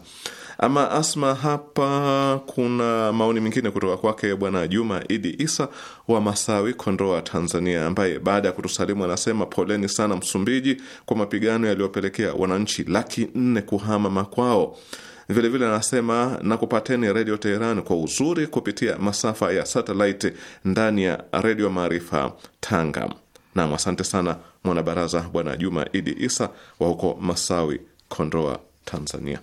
Ama Asma, hapa kuna maoni mengine kutoka kwake Bwana Juma Idi Isa wa Masawi, Kondoa, Tanzania, ambaye baada ya kutusalimu anasema poleni sana Msumbiji kwa mapigano yaliyopelekea wananchi laki nne kuhama makwao. Vilevile anasema vile nakupateni Redio Teheran kwa uzuri kupitia masafa ya satelaiti ndani ya Redio Maarifa Tanga. Nam, asante sana mwanabaraza Bwana Juma Idi Isa wa huko Masawi, Kondoa, Tanzania.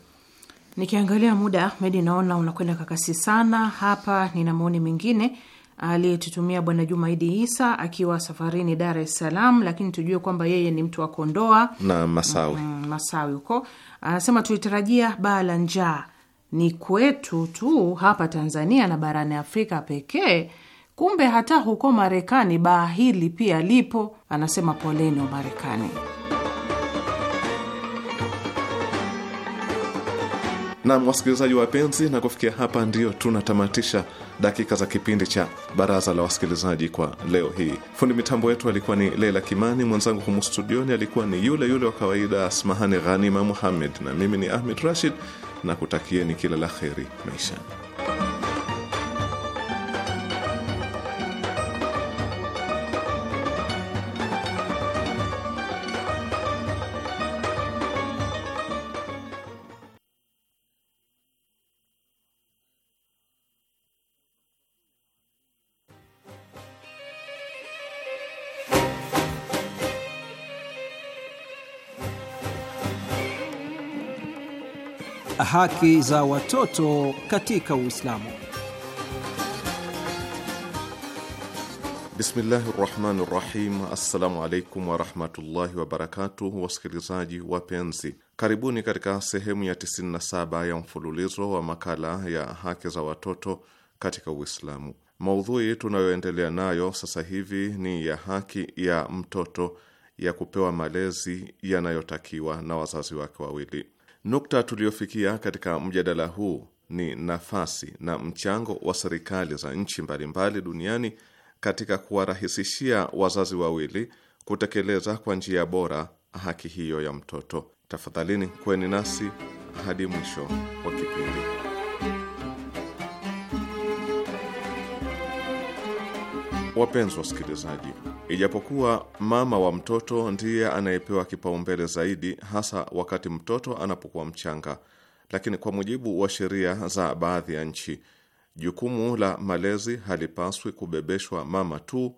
Nikiangalia muda Ahmed, naona unakwenda kakasi sana. Hapa nina maoni mengine aliyetutumia Bwana Jumaidi Isa akiwa safarini Dar es Salaam, lakini tujue kwamba yeye ni mtu wa Kondoa na Masawi, mm, mm, Masawi huko. Anasema tulitarajia baa la njaa ni kwetu tu hapa Tanzania na barani Afrika pekee, kumbe hata huko Marekani baa hili pia lipo. Anasema poleni wa Marekani. Nam wasikilizaji wapenzi, na kufikia hapa ndio tunatamatisha dakika za kipindi cha baraza la wasikilizaji kwa leo hii. Fundi mitambo yetu alikuwa ni Leila Kimani, mwenzangu humu studioni alikuwa ni yule yule wa kawaida Asmahani Ghanima Muhammed, na mimi ni Ahmed Rashid na kutakieni kila la kheri maishani. Haki za watoto katika Uislamu. Bismillahi rahmani rahim. Assalamu alaikum warahmatullahi wabarakatuh. Wasikilizaji wapenzi, karibuni katika sehemu ya 97 ya mfululizo wa makala ya haki za watoto katika Uislamu. Maudhui tunayoendelea nayo sasa hivi ni ya haki ya mtoto ya kupewa malezi yanayotakiwa na wazazi wake wawili. Nukta tuliyofikia katika mjadala huu ni nafasi na mchango wa serikali za nchi mbalimbali duniani katika kuwarahisishia wazazi wawili kutekeleza kwa njia bora haki hiyo ya mtoto. Tafadhalini kweni nasi hadi mwisho wa kipindi. Wapenzi wasikilizaji, ijapokuwa mama wa mtoto ndiye anayepewa kipaumbele zaidi, hasa wakati mtoto anapokuwa mchanga, lakini kwa mujibu wa sheria za baadhi ya nchi, jukumu la malezi halipaswi kubebeshwa mama tu,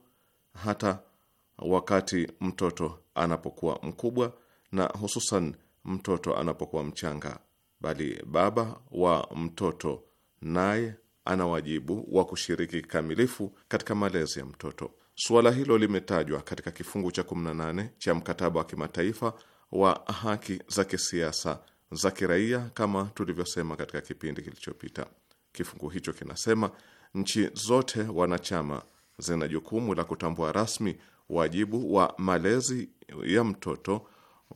hata wakati mtoto anapokuwa mkubwa na hususan mtoto anapokuwa mchanga, bali baba wa mtoto naye ana wajibu wa kushiriki kikamilifu katika malezi ya mtoto. Suala hilo limetajwa katika kifungu cha 18 cha mkataba wa kimataifa wa haki za kisiasa za kiraia, kama tulivyosema katika kipindi kilichopita. Kifungu hicho kinasema nchi zote wanachama zina jukumu la kutambua rasmi wajibu wa malezi ya mtoto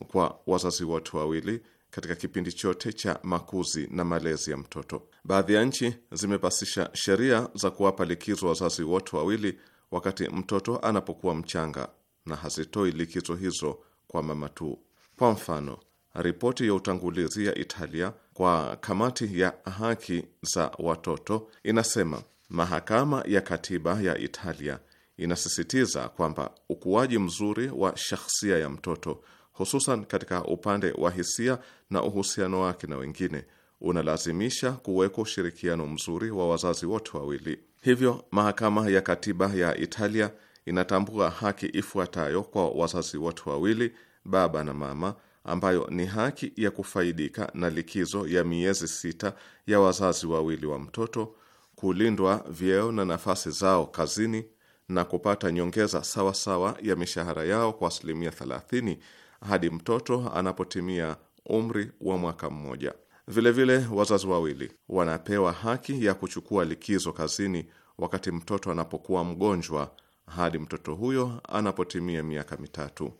kwa wazazi wote wawili katika kipindi chote cha makuzi na malezi ya mtoto. Baadhi ya nchi zimepasisha sheria za kuwapa likizo wazazi wote wawili wakati mtoto anapokuwa mchanga na hazitoi likizo hizo kwa mama tu. Kwa mfano, ripoti ya utangulizi ya Italia kwa kamati ya haki za watoto inasema mahakama ya katiba ya Italia inasisitiza kwamba ukuaji mzuri wa shakhsia ya mtoto hususan katika upande wa hisia na uhusiano wake na wengine unalazimisha kuwekwa ushirikiano mzuri wa wazazi wote wawili. Hivyo, mahakama ya katiba ya Italia inatambua haki ifuatayo kwa wazazi wote wawili, baba na mama, ambayo ni haki ya kufaidika na likizo ya miezi sita ya wazazi wawili wa mtoto, kulindwa vyeo na nafasi zao kazini na kupata nyongeza sawasawa ya mishahara yao kwa asilimia thelathini hadi mtoto anapotimia umri wa mwaka mmoja. Vilevile vile, wazazi wawili wanapewa haki ya kuchukua likizo kazini wakati mtoto anapokuwa mgonjwa hadi mtoto huyo anapotimia miaka mitatu.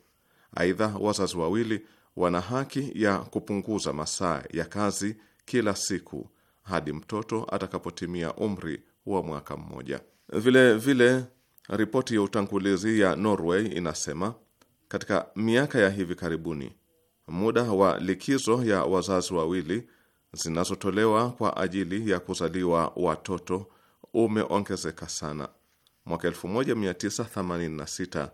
Aidha, wazazi wawili wana haki ya kupunguza masaa ya kazi kila siku hadi mtoto atakapotimia umri wa mwaka mmoja. Vile vile, ripoti ya utangulizi ya Norway inasema katika miaka ya hivi karibuni, muda wa likizo ya wazazi wawili zinazotolewa kwa ajili ya kuzaliwa watoto umeongezeka sana. Mwaka 1986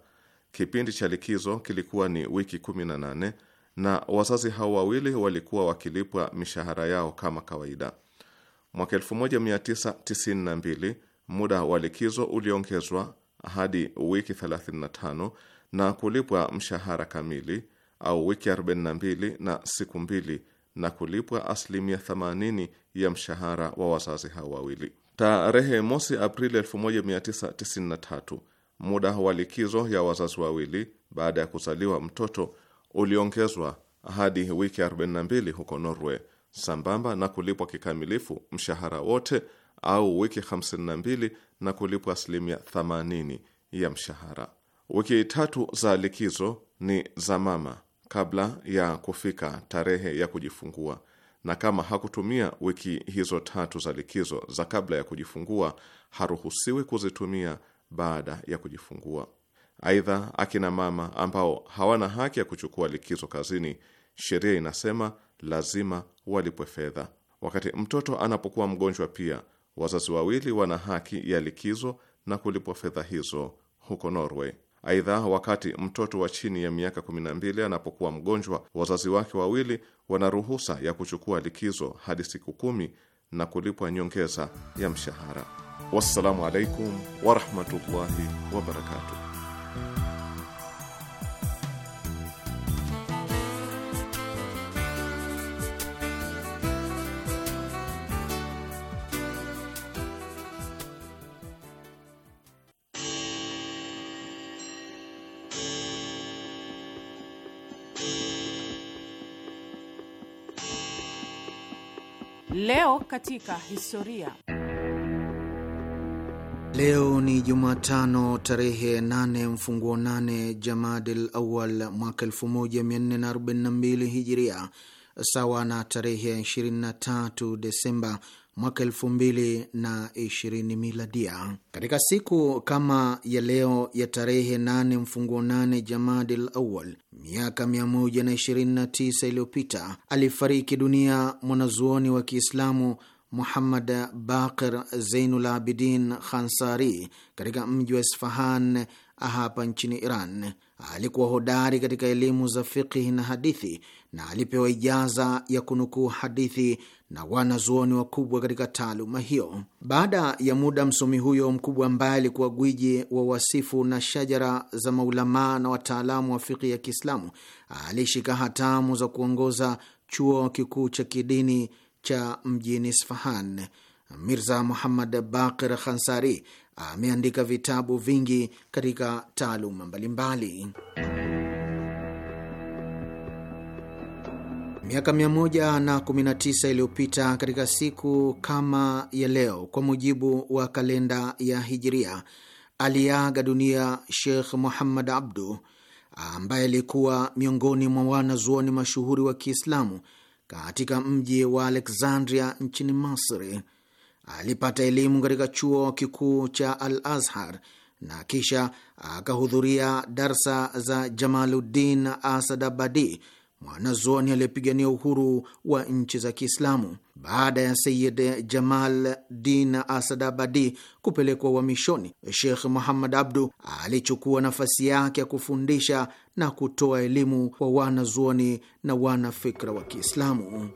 kipindi cha likizo kilikuwa ni wiki 18 na wazazi hao wawili walikuwa wakilipwa mishahara yao kama kawaida. Mwaka 1992 muda wa likizo uliongezwa hadi wiki 35 na kulipwa mshahara kamili au wiki 42 na siku mbili na kulipwa asilimia 80 ya mshahara wa wazazi hao wawili. Tarehe mosi Aprili 1993 muda wa likizo ya wazazi wawili baada ya kuzaliwa mtoto uliongezwa hadi wiki 42 huko Norway, sambamba na kulipwa kikamilifu mshahara wote au wiki 52 na kulipwa asilimia 80 ya mshahara. Wiki tatu za likizo ni za mama kabla ya kufika tarehe ya kujifungua, na kama hakutumia wiki hizo tatu za likizo za kabla ya kujifungua haruhusiwi kuzitumia baada ya kujifungua. Aidha, akina mama ambao hawana haki ya kuchukua likizo kazini, sheria inasema lazima walipwe fedha. Wakati mtoto anapokuwa mgonjwa, pia Wazazi wawili wana haki ya likizo na kulipwa fedha hizo huko Norway. Aidha, wakati mtoto wa chini ya miaka 12 anapokuwa mgonjwa, wazazi wake wawili wana ruhusa ya kuchukua likizo hadi siku kumi na kulipwa nyongeza ya mshahara. Wassalamu alaikum warahmatullahi wabarakatuh. Leo katika historia. Leo ni Jumatano tarehe 8 mfunguo 8 Jamadil Awal mwaka 1442 Hijiria, sawa na tarehe 23 Desemba mwaka elfu mbili na ishirini miladia. Katika siku kama ya leo ya tarehe nane mfunguo nane Jamadil Awal miaka 129 iliyopita alifariki dunia mwanazuoni wa Kiislamu Muhammad Baqir Zeinul Abidin Khansari katika mji wa Isfahan hapa nchini Iran. Alikuwa hodari katika elimu za fiqhi na hadithi na alipewa ijaza ya kunukuu hadithi na wanazuoni wakubwa katika taaluma hiyo. Baada ya muda, msomi huyo mkubwa ambaye alikuwa gwiji wa wasifu na shajara za maulamaa na wataalamu wa fiqhi ya Kiislamu alishika hatamu za kuongoza chuo kikuu cha kidini cha mjini Sfahan. Mirza Muhammad Bakir Khansari ameandika vitabu vingi katika taaluma mbalimbali. Miaka 119 iliyopita katika siku kama ya leo, kwa mujibu wa kalenda ya Hijiria, aliaga dunia Sheikh Muhammad Abdu ambaye alikuwa miongoni mwa wanazuoni mashuhuri wa Kiislamu katika mji wa Alexandria nchini Misri alipata elimu katika chuo kikuu cha Al Azhar na kisha akahudhuria darsa za Jamaluddin Asadabadi, mwanazuoni aliyepigania uhuru wa nchi za Kiislamu. Baada ya Sayid Jamal Din Asadabadi kupelekwa uhamishoni, Shekh Muhammad Abdu alichukua nafasi yake ya kufundisha na kutoa elimu kwa wanazuoni na wanafikra wa Kiislamu.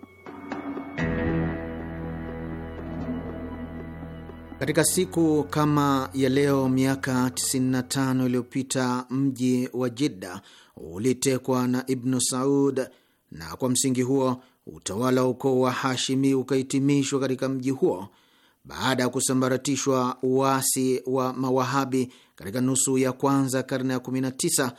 Katika siku kama ya leo miaka 95 iliyopita mji wa Jidda ulitekwa na Ibnu Saud, na kwa msingi huo utawala wa ukoo wa Hashimi ukahitimishwa katika mji huo baada ya kusambaratishwa uasi wa Mawahabi katika nusu ya kwanza karne ya 19.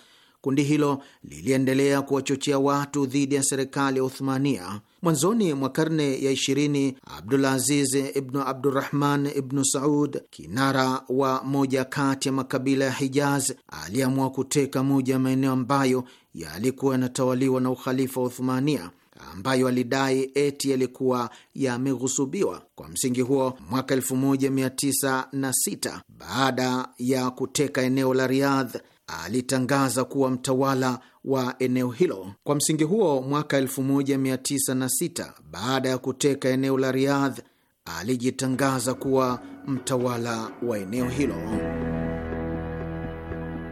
Kundi hilo liliendelea kuwachochea watu dhidi ya serikali ya Uthmania Mwanzoni mwa karne ya ishirini, Abdulaziz ibnu Abdurahman ibnu Saud, kinara wa moja kati ya makabila ya Hijaz, aliamua kuteka moja ya maeneo ambayo yalikuwa yanatawaliwa na ukhalifa wa Uthumania ambayo alidai eti yalikuwa yameghusubiwa. Kwa msingi huo, mwaka 1906 baada ya kuteka eneo la riadh alitangaza kuwa mtawala wa eneo hilo. Kwa msingi huo, mwaka 1906 baada ya kuteka eneo la Riyadh, alijitangaza kuwa mtawala wa eneo hilo.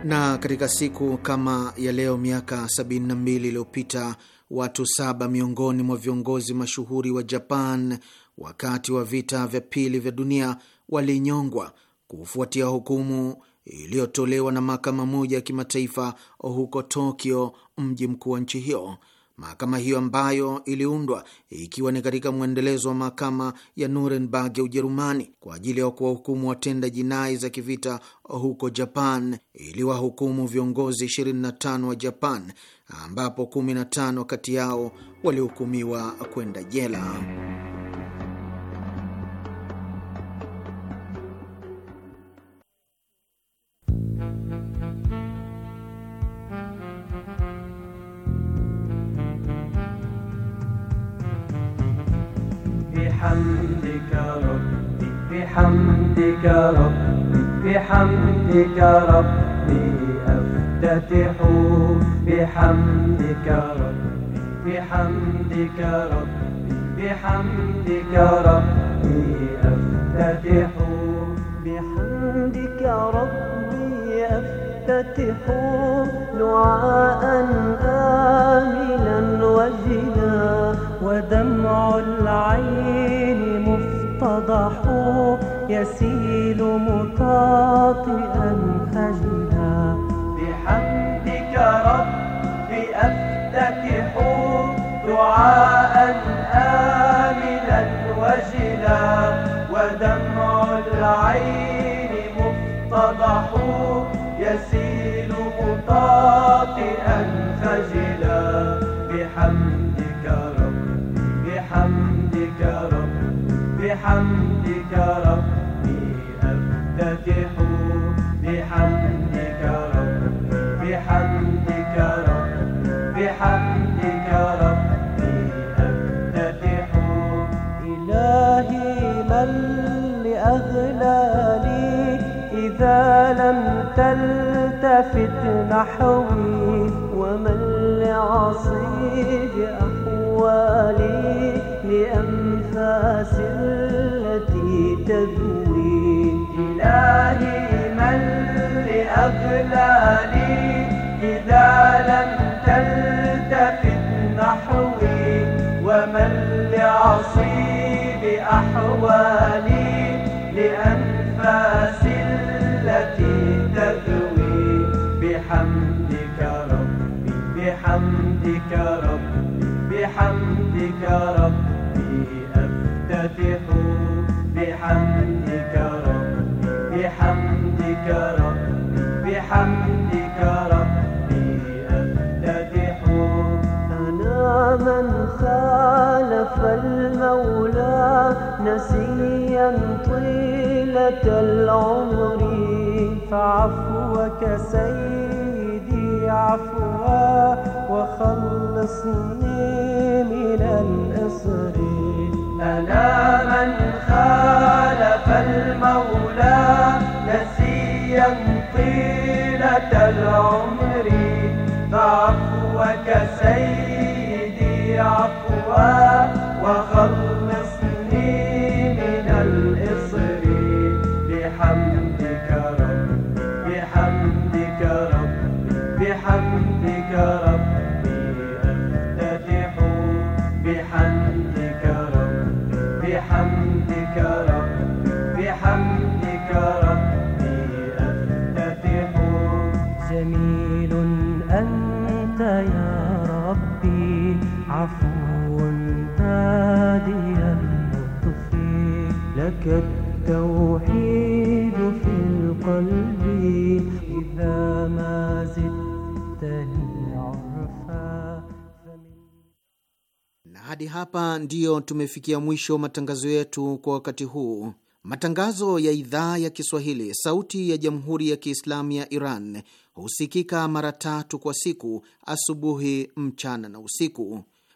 Na katika siku kama ya leo miaka 72 iliyopita watu saba miongoni mwa viongozi mashuhuri wa Japan wakati wa vita vya pili vya dunia walinyongwa kufuatia hukumu iliyotolewa na mahakama moja ya kimataifa huko Tokyo, mji mkuu wa nchi hiyo. Mahakama hiyo ambayo iliundwa ikiwa ni katika mwendelezo wa mahakama ya Nuremberg ya Ujerumani kwa ajili ya kuwahukumu watenda jinai za kivita huko Japan iliwahukumu viongozi 25 wa Japan, ambapo 15 kati yao walihukumiwa kwenda jela. بحمدك ربي بحمدك ربي بحمدك ربي أفتتح بحمدك ربي بحمدك ربي بحمدك ربي أفتتح بحمدك ربي تفتتح دعاء آمنا وجنا ودمع العين مفتضح يسيل متاطئا خجلا بحمدك رب أفتتح دعاء آمنا وجلا ودمع العين مفتضح خاطئا خجلا بحمدك رب بحمدك رب بحمدك ربي أفتتح بحمدك رب بحمدك رب بحمدك ربي أفتتح إلهي من لأغلالي إذا لم تل التفت نحوي ومن لعصي احوالي لأنفاس التي تذوي إلهي من لأغلالي إذا لم تلتفت نحوي ومن لعصي احوالي لأنفاس بحمدك رب بحمدك ربي أفتتح بحمدك رب بحمدك ربي بحمدك رب أفتتح أنا من خالف المولى نسيا طيلة العمر فعفوك سيدي عفوا وخلصني من الأسر أنا من خالف المولى نسيا طيلة العمر فعفوك سيدي عفوا وخلصني كالتوحيد في القلب إذا ما زدتني عرفا na hadi hapa ndiyo tumefikia mwisho matangazo yetu kwa wakati huu. Matangazo ya idhaa ya Kiswahili sauti ya jamhuri ya Kiislamu ya Iran husikika mara tatu kwa siku: asubuhi, mchana na usiku.